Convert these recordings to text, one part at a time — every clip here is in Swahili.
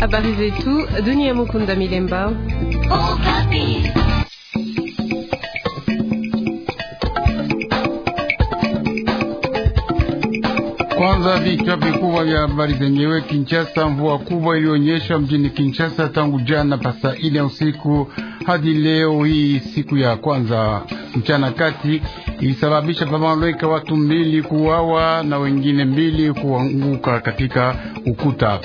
Habari zetu dunia. Mukunda Milemba. Okapi. Kwanza vichwa vikubwa vya habari zenyewe. Kinshasa, mvua kubwa ilionyesha mjini Kinshasa tangu jana pasaa ya usiku hadi leo hii siku ya kwanza mchana kati ilisababisha pamalweka watu mbili kuwawa na wengine mbili kuanguka katika ukuta.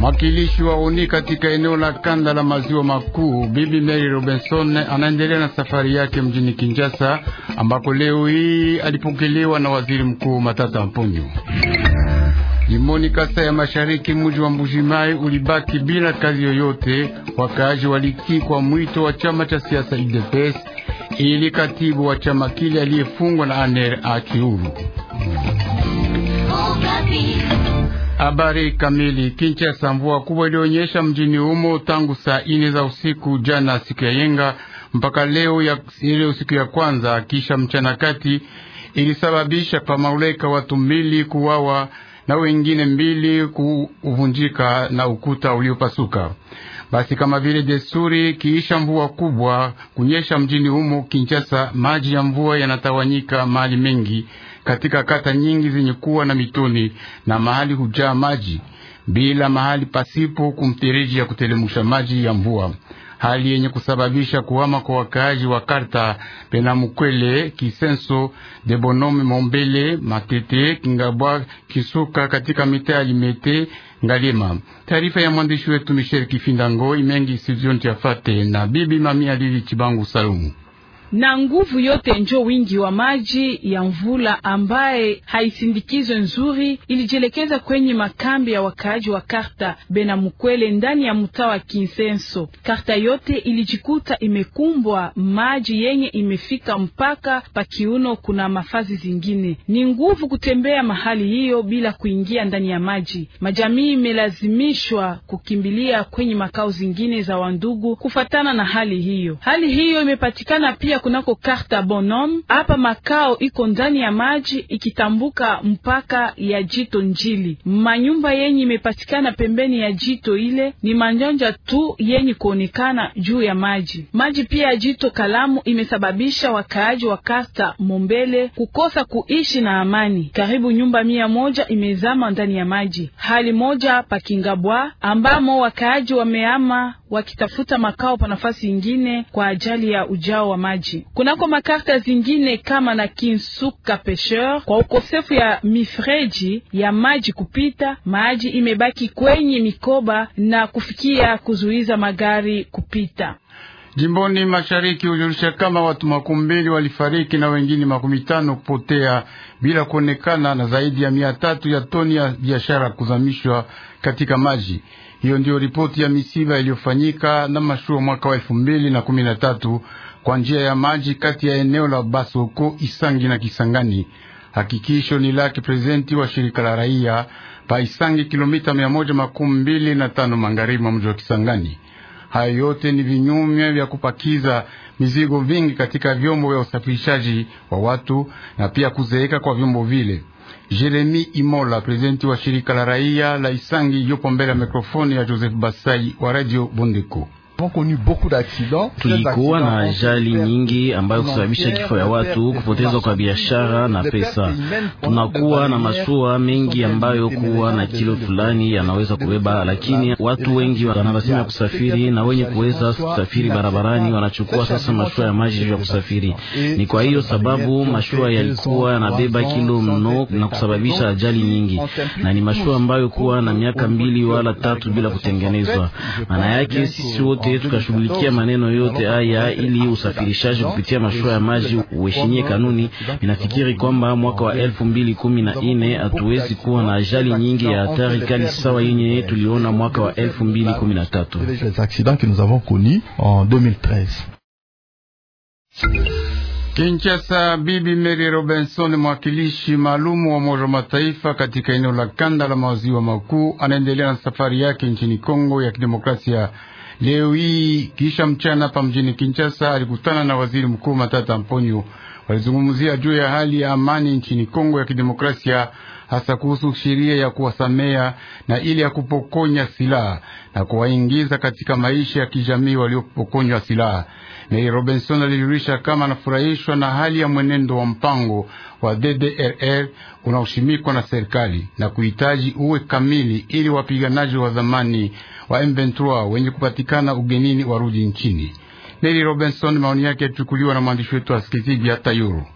Mwakilishi wa uni katika eneo la kanda la maziwa makuu Bibi Mary Robinson anaendelea na safari yake mjini Kinshasa, ambako leo hii alipokelewa na waziri mkuu Matata Mponyo. Jimboni Kasa ya Mashariki, mji wa Mbujimai ulibaki bila kazi yoyote. Wakaaji waliki kwa mwito wa chama cha siasa UDPS ili katibu wa chama kile aliyefungwa na aner akiuru. Habari kamili. Kinshasa, mvua kubwa ilionyesha mjini humo tangu saa ine za usiku jana siku ya yenga mpaka leo ya leo siku ya kwanza kisha mchana kati, ilisababisha kwa mauleka watu mbili kuwawa na wengine mbili kuvunjika na ukuta uliopasuka. Basi kama vile desturi, kiisha mvua kubwa kunyesha mjini humo Kinshasa, maji ya mvua yanatawanyika mahali mengi katika kata nyingi zenye kuwa na mitoni na mahali hujaa maji bila mahali pasipo kumtereji ya kutelemusha maji ya mvua hali yenye kusababisha kuhama kwa wakaaji wa Karta mukwele Kisenso, Debonome, Mombele, Matete, Kingabwa, Kisuka katika mitaa ya Limete, Ngalema. Taarifa ya mwandishi wetu Michel Kifindango imengi studio Tiafate na bibi Mami Alili Chibangu Salumu na nguvu yote njo wingi wa maji ya mvula ambaye haisindikizwe nzuri ilijielekeza kwenye makambi ya wakaaji wa Karta Bena Mukwele ndani ya mtaa wa Kinsenso. Karta yote ilijikuta imekumbwa maji yenye imefika mpaka pa kiuno, kuna mafazi zingine. Ni nguvu kutembea mahali hiyo bila kuingia ndani ya maji. Majamii imelazimishwa kukimbilia kwenye makao zingine za wandugu kufatana na hali hiyo. Hali hiyo imepatikana pia kunako karta Bonom. Hapa makao iko ndani ya maji ikitambuka mpaka ya jito Njili. Manyumba yenye imepatikana pembeni ya jito ile ni manjanja tu yenye kuonekana juu ya maji. Maji pia ya jito Kalamu imesababisha wakaaji wa karta Mombele kukosa kuishi na amani. Karibu nyumba mia moja imezama ndani ya maji. Hali moja Pakingabwa ambamo wakaaji wameama wakitafuta makao pa nafasi ingine kwa ajali ya ujao wa maji nchi. Kunako makarta zingine kama na Kinsuka Pesheur, kwa ukosefu ya mifreji ya maji kupita, maji imebaki kwenye mikoba na kufikia kuzuiza magari kupita. Jimboni mashariki hujulisha kama watu makumi mbili walifariki na wengine makumi tano kupotea bila kuonekana na zaidi ya mia tatu ya toni ya biashara kuzamishwa katika maji. Hiyo ndiyo ripoti ya misiba iliyofanyika na mashua mwaka wa elfu mbili na kumi na tatu kwa njia ya maji kati ya eneo la Basoko, Isangi na Kisangani. Hakikisho ni lake prezidenti wa shirika la raia pa Isangi, kilomita mia moja makumi mbili na tano magharibi mwa mji wa Kisangani. Hayo yote ni vinyume vya kupakiza mizigo vingi katika vyombo vya usafirishaji wa watu na pia kuzeeka kwa vyombo vile. Jeremi Imola, prezidenti wa shirika la raia la Isangi, yupo mbele ya mikrofoni ya Joseph Basai wa Radio Bondeko. Tulikuwa na ajali nyingi ambayo kusababisha kifo ya watu, kupotezwa kwa biashara na pesa. Tunakuwa na mashua mengi ambayo kuwa na kilo fulani yanaweza kubeba, lakini watu wengi wana ya kusafiri, na wenye kuweza kusafiri barabarani wanachukua sasa mashua ya maji ya kusafiri. Ni kwa hiyo sababu mashua yalikuwa yanabeba kilo mno na kusababisha ajali nyingi, na ni mashua ambayo kuwa na miaka mbili wala tatu bila kutengenezwa. Maana yake sisi wote sisi tukashughulikia maneno yote haya ili usafirishaji kupitia mashua ya maji uheshimie kanuni. Ninafikiri kwamba mwaka wa elfu mbili kumi na nne hatuwezi kuwa na ajali nyingi ya hatari kali sawa yenye tuliona mwaka wa elfu mbili kumi na tatu. Kinshasa, Bibi Mary Robinson, mwakilishi maalumu wa Umoja wa Mataifa katika eneo la kanda la maziwa makuu, anaendelea na safari yake nchini Kongo ya Kidemokrasia. Leo hii kisha mchana hapa mjini Kinshasa alikutana na waziri mkuu Matata Mponyo. Walizungumzia juu ya hali ya amani nchini Kongo ya Kidemokrasia, hasa kuhusu sheria ya kuwasamea na ile ya kupokonya silaha na kuwaingiza katika maisha ya kijamii waliopokonywa silaha. Mary Robinson alijulisha kama anafurahishwa na hali ya mwenendo wa mpango wa DDRR unaoshimikwa na serikali na kuhitaji uwe kamili ili wapiganaji wa zamani wa M23 wenye kupatikana ugenini warudi nchini. Mary Robinson, maoni yake yachukuliwa na mwandishi wetu asikizidi hata yuro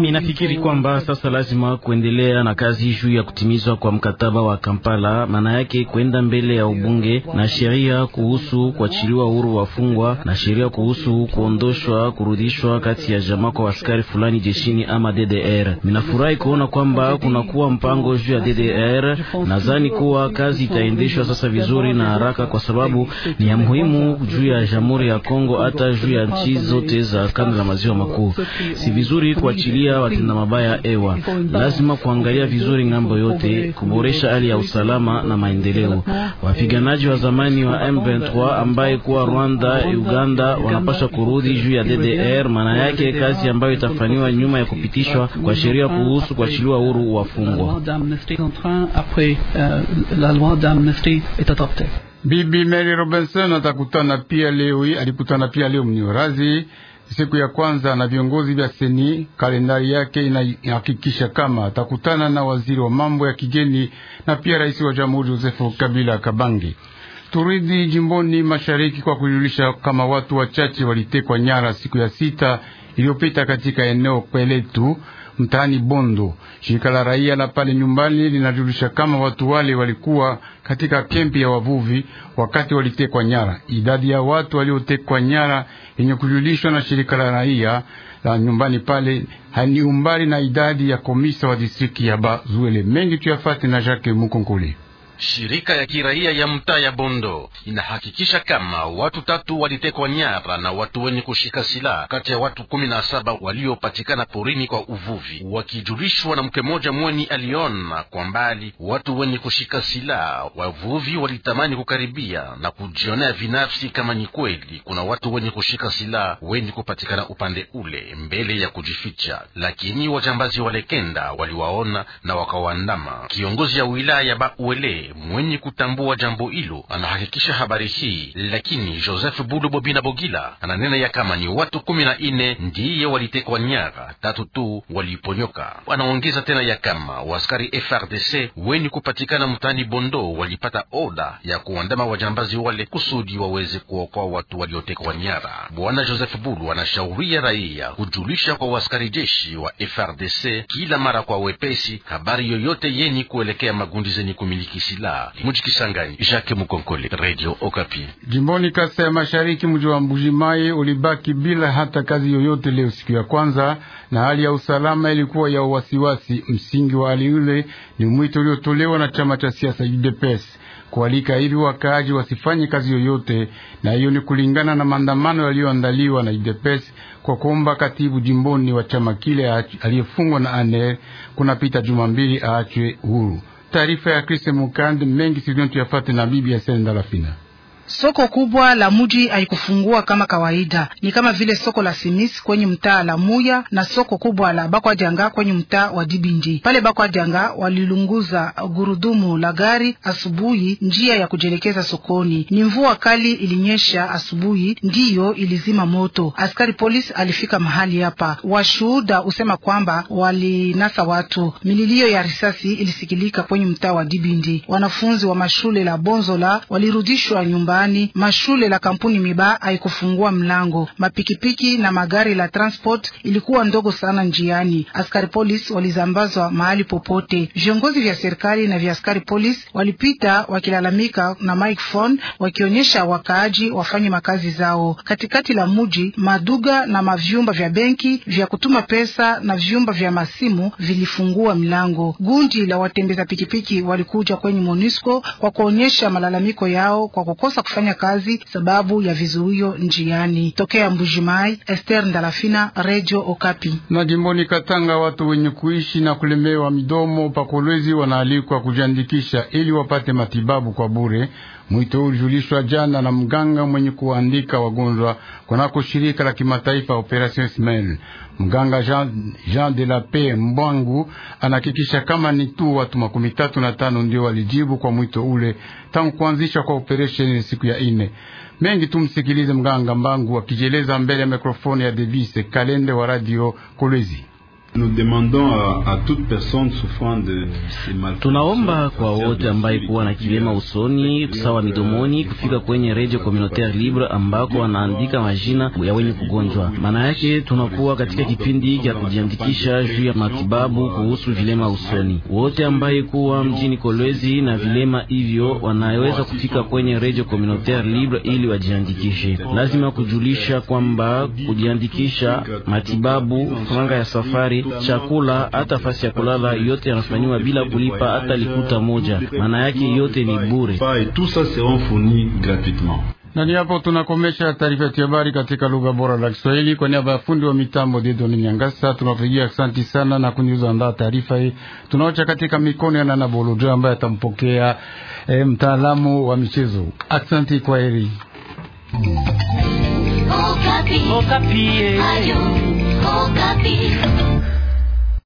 Minafikiri kwamba sasa lazima kuendelea na kazi juu ya kutimizwa kwa mkataba wa Kampala, maana yake kwenda mbele ya ubunge na sheria kuhusu kuachiliwa uhuru wafungwa na sheria kuhusu kuondoshwa kurudishwa kati ya jamaa kwa askari fulani jeshini ama DDR. Ninafurahi kuona kwamba kunakuwa mpango juu ya DDR. Nadhani kuwa kazi itaendeshwa sasa vizuri na haraka, kwa sababu ni ya muhimu juu ya Jamhuri ya Kongo, hata juu ya nchi zote za kanda la maziwa makuu. Si vizuri kuachilia watenda mabaya ewa, lazima kuangalia vizuri ngambo yote, kuboresha hali ya usalama na maendeleo. Wapiganaji wa zamani wa M23 ambaye kuwa Rwanda, Uganda wanapaswa kurudi juu ya DDR, maana yake kazi ambayo itafanywa nyuma ya kupitishwa kwa sheria kuhusu kuachiliwa huru wafungwa. Bibi Mary Robinson atakutana pia leo, alikutana pia leo mniorazi siku ya kwanza na viongozi vya seni. Kalendari yake inahakikisha kama atakutana na waziri wa mambo ya kigeni na pia rais wa jamhuri Josefu Kabila Kabange. Turidi jimboni mashariki kwa kujulisha kama watu wachache walitekwa nyara siku ya sita iliyopita katika eneo Kweletu mtaani Bondo. Shirika la raia la pale nyumbani linajulisha kama watu wale walikuwa katika kempi ya wavuvi wakati walitekwa nyara. Idadi ya watu waliotekwa nyara yenye kujulishwa na shirika la raia la nyumbani pale hani umbali na idadi ya komisa wa distrikti ya Bazuele. Mengi tuyafate na Jacques Mukonkoli. Shirika ya kiraia ya mtaa ya Bondo inahakikisha kama watu tatu walitekwa nyara na watu wenye kushika silaha kati ya watu kumi na saba waliopatikana porini kwa uvuvi, wakijulishwa na mke mmoja mweni aliona kwa mbali watu wenye kushika silaha. Wavuvi walitamani kukaribia na kujionea vinafsi kama ni kweli kuna watu wenye kushika silaha wenye kupatikana upande ule mbele ya kujificha, lakini wajambazi walekenda waliwaona na wakawaandama. Kiongozi ya wilaya ya Bauele mwenye kutambua jambo hilo anahakikisha habari hii. Lakini Joseph Bulu Bobina Bogila ananena ya kama ni watu kumi na ine ndiye walitekwa nyara, tatu tu waliponyoka. Anaongeza tena ya kama waskari FRDC wenye kupatikana mtaani Bondo walipata oda ya kuandama wajambazi wale kusudi waweze kuokoa watu waliotekwa nyara. Bwana Joseph Bulu anashauria raia kujulisha kwa waskari jeshi wa FRDC kila mara kwa wepesi habari yoyote yenye kuelekea magundi zenye kumiliki silaha mujikisangani. Jacques Mukonkole, Radio Okapi. Jimboni Kasa ya Mashariki, mji wa Mbujimayi ulibaki bila hata kazi yoyote leo siku ya kwanza, na hali ya usalama ilikuwa ya wasiwasi. Msingi wa hali ule ni mwito uliotolewa na chama cha siasa UDPS kualika hivi wakaaji wasifanye kazi yoyote, na hiyo ni kulingana na maandamano yaliyoandaliwa na UDPS kwa kuomba katibu jimboni wa chama kile aliyefungwa na ANR kunapita juma mbili aachwe huru taarifa ya Kriste Mukande mengi sizion tuyafate na bibi ya Sendalafina. Soko kubwa la muji haikufungua kama kawaida, ni kama vile soko la Simis kwenye mtaa la Muya na soko kubwa la Bakwa Janga kwenye mtaa wa Dibindi. Pale Bakwa Janga walilunguza gurudumu la gari asubuhi, njia ya kujielekeza sokoni. Ni mvua kali ilinyesha asubuhi, ndiyo ilizima moto. Askari polisi alifika mahali hapa. Washuhuda husema kwamba walinasa watu. Mililio ya risasi ilisikilika kwenye mtaa wa Dibindi. Wanafunzi wa mashule la Bonzola walirudishwa nyumbani mtaani, mashule la kampuni Miba haikufungua mlango, mapikipiki na magari la transport ilikuwa ndogo sana njiani. Askari polisi walizambazwa mahali popote. Viongozi vya serikali na vya askari polisi walipita wakilalamika na microphone, wakionyesha wakaaji wafanye makazi zao. Katikati la muji, maduga na mavyumba vya benki vya kutuma pesa na vyumba vya masimu vilifungua mlango. Gundi la watembeza pikipiki walikuja kwenye MONUSCO kwa kuonyesha malalamiko yao kwa kukosa kufanya kazi sababu ya vizuio njiani. Tokea Mbujimai, Esther Ndalafina, Radio Okapi. Na jimboni Katanga, watu wenye kuishi na kulemewa midomo pakolwezi wanaalikwa kujiandikisha ili wapate matibabu kwa bure Mwito ulijulishwa jana na mganga mwenye kuandika wagonjwa kunako shirika la kimataifa Operation Smel. Mganga Jean, Jean de la Paix Mbwangu anahakikisha kama ni tu watu makumi tatu na tano ndio walijibu kwa mwito ule tangu kuanzishwa kwa operesheni siku ya ine. Mengi tumsikilize mganga Mbangu akijieleza mbele ya mikrofoni ya devise Kalende wa Radio Kolwezi. Tunaomba kwa wote ambaye kuwa na kilema usoni sawa midomoni kufika kwenye Radio Communautaire Libre ambako wanaandika majina ya wenye kugonjwa. Maana yake tunakuwa katika kipindi cha kujiandikisha juu ya matibabu kuhusu vilema usoni. Wote ambaye kuwa mjini Kolwezi na vilema hivyo wanaweza kufika kwenye Radio Communautaire Libre ili wajiandikishe. Lazima kujulisha kwamba kujiandikisha matibabu, franga ya safari chakula, hata fasi ya kulala, yote yanafanywa bila kulipa hata likuta moja. Maana yake yote ni bure na ni hapo tunakomesha taarifa ya habari katika lugha bora la Kiswahili. Kwa niaba ya fundi wa mitambo Dedo Nyangasa, tunapigia asanti sana na kuniuza andaa taarifa hii. Tunaocha katika mikono ya Nana Bolojo ambaye atampokea eh, mtaalamu wa michezo. Asanti, kwa heri. Okapi. Oh, Okapi. Oh, Ayo. Okapi. Oh,